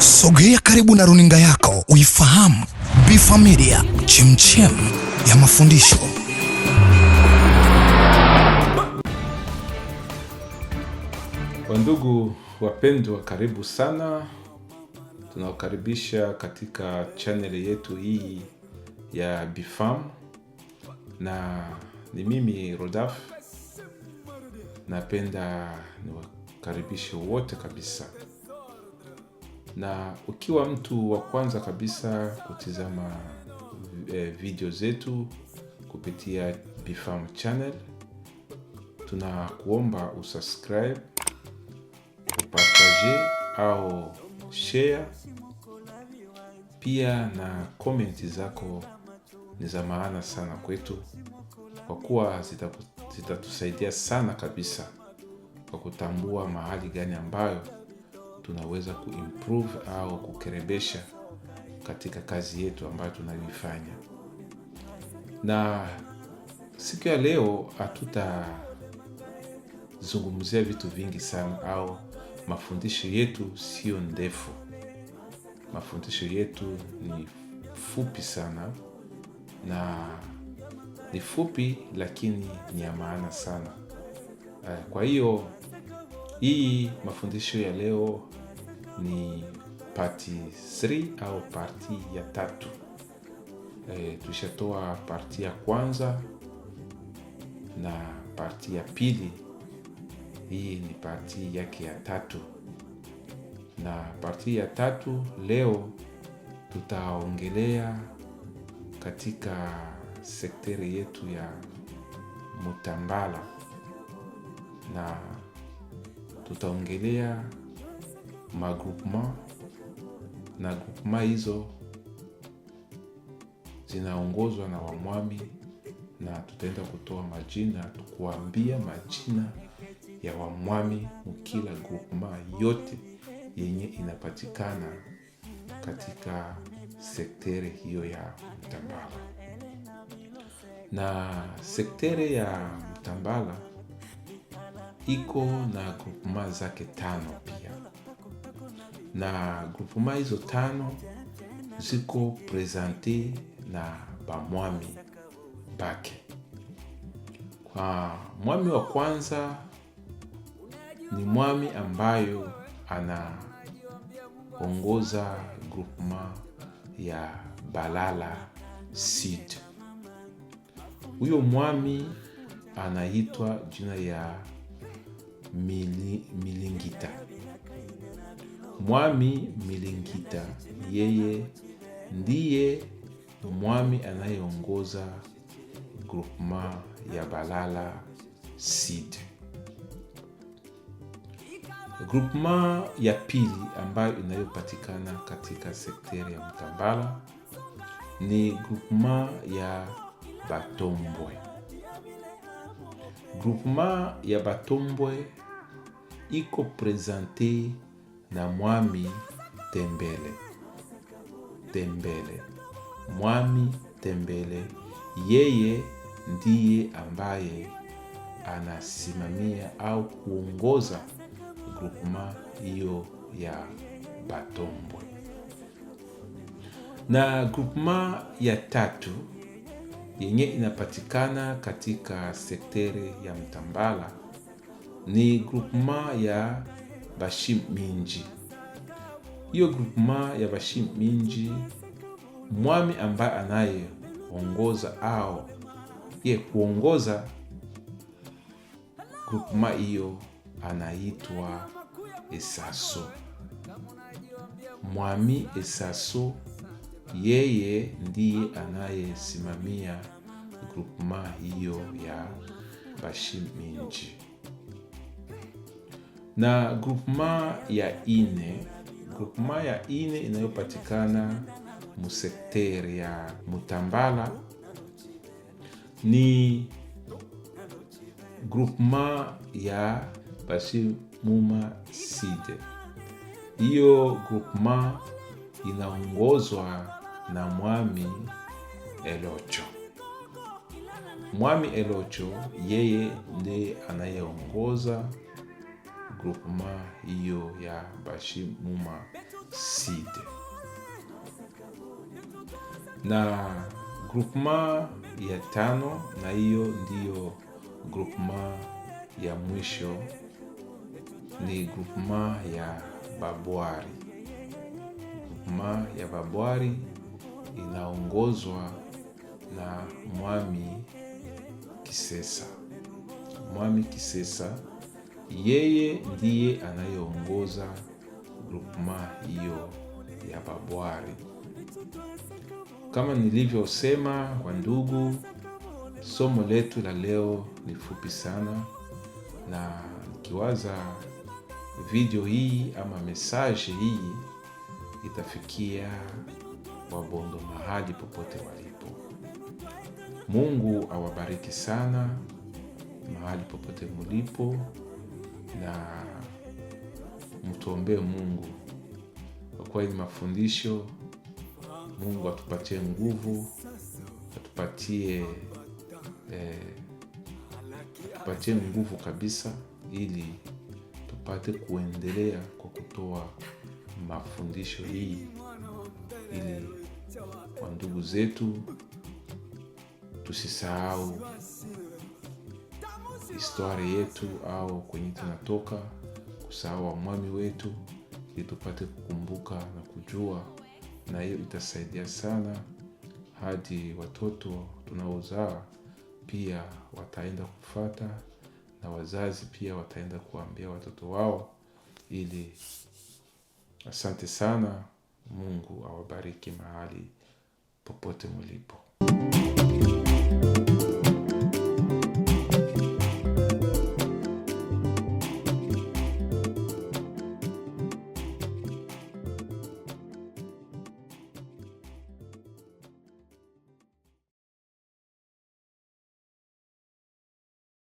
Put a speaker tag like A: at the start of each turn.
A: Sogea karibu na runinga yako uifahamu Bifa Media, chemchem ya mafundisho. Wandugu wapendwa, karibu sana, tunawakaribisha katika chaneli yetu hii ya Bifam, na ni mimi Rodaf. Napenda niwakaribishe wote kabisa na ukiwa mtu wa kwanza kabisa kutizama eh, video zetu kupitia bifam channel, tunakuomba usubscribe, upartage au share. Pia na komenti zako ni za maana sana kwetu, kwa kuwa zitatusaidia sana kabisa kwa kutambua mahali gani ambayo tunaweza kuimprove au kukerebesha katika kazi yetu ambayo tunaifanya Na siku ya leo hatutazungumzia vitu vingi sana, au mafundisho yetu sio ndefu, mafundisho yetu ni fupi sana, na ni fupi lakini ni ya maana sana. Kwa hiyo hii mafundisho ya leo ni parti 3 au parti ya tatu. E, eh, tushatoa parti ya kwanza na parti ya pili. Hii ni parti yake ya tatu, na parti ya tatu leo tutaongelea katika sekteri yetu ya Mutambala na tutaongelea magroupement na groupement hizo zinaongozwa na wamwami, na tutaenda kutoa majina, tukuambia majina ya wamwami mukila groupement yote yenye inapatikana katika sektere hiyo ya Mtambala. Na sektere ya Mtambala iko na groupement zake tano pia na grupuma hizo tano ziko prezante na bamwami bake. Kwa mwami wa kwanza ni mwami ambayo anaongoza groupema ya Balala Sud. Huyo mwami anaitwa jina ya Milingita. Mwami Milingita yeye ndiye mwami anayeongoza groupema ya Balala sid groupema ya pili ambayo inayopatikana katika sekteri ya Mtambala ni groupema ya Batombwe. groupema ya Batombwe iko prezente na Mwami Tembele. Tembele, Mwami Tembele, yeye ndiye ambaye anasimamia au kuongoza grupuma hiyo ya Batombwe. Na grupuma ya tatu yenye inapatikana katika sektere ya Mtambala ni grupuma ya Bashiminji. Hiyo grupuma ya Bashiminji, mwami ambaye anayeongoza ao ye kuongoza grupuma hiyo anaitwa Esaso. Mwami Esaso yeye ndiye anayesimamia grupuma hiyo ya Bashiminji na grupma ya ine, grupma ya ine inayopatikana musekteri ya Mutambala ni grupma ya muma Side. Hiyo grupma inaongozwa na Mwami Elocho. Mwami Elocho yeye ndiye anayeongoza groupement hiyo ya Bashimuma Seed na groupement ya tano, na hiyo ndiyo groupement ya mwisho, ni groupement ya Babwari. Groupement ya Babwari inaongozwa na Mwami Kisesa. Mwami Kisesa yeye ndiye anayeongoza grupma hiyo ya Babwari. Kama nilivyosema, kwa ndugu, somo letu la leo ni fupi sana, na nikiwaza video hii ama mesaje hii itafikia wabondo mahali popote walipo. Mungu awabariki sana mahali popote mulipo na mtuombee Mungu kwa kuwa ni mafundisho. Mungu atupatie nguvu, atupatie eh, atupatie nguvu kabisa, ili tupate kuendelea kwa kutoa mafundisho hii, ili kwa ndugu zetu tusisahau historia yetu au kwenye tunatoka, kusahau wamwami wetu, ili tupate kukumbuka na kujua, na hiyo itasaidia sana hadi watoto tunaozaa pia wataenda kufata na wazazi pia wataenda kuambia watoto wao, ili asante sana. Mungu awabariki mahali popote mulipo.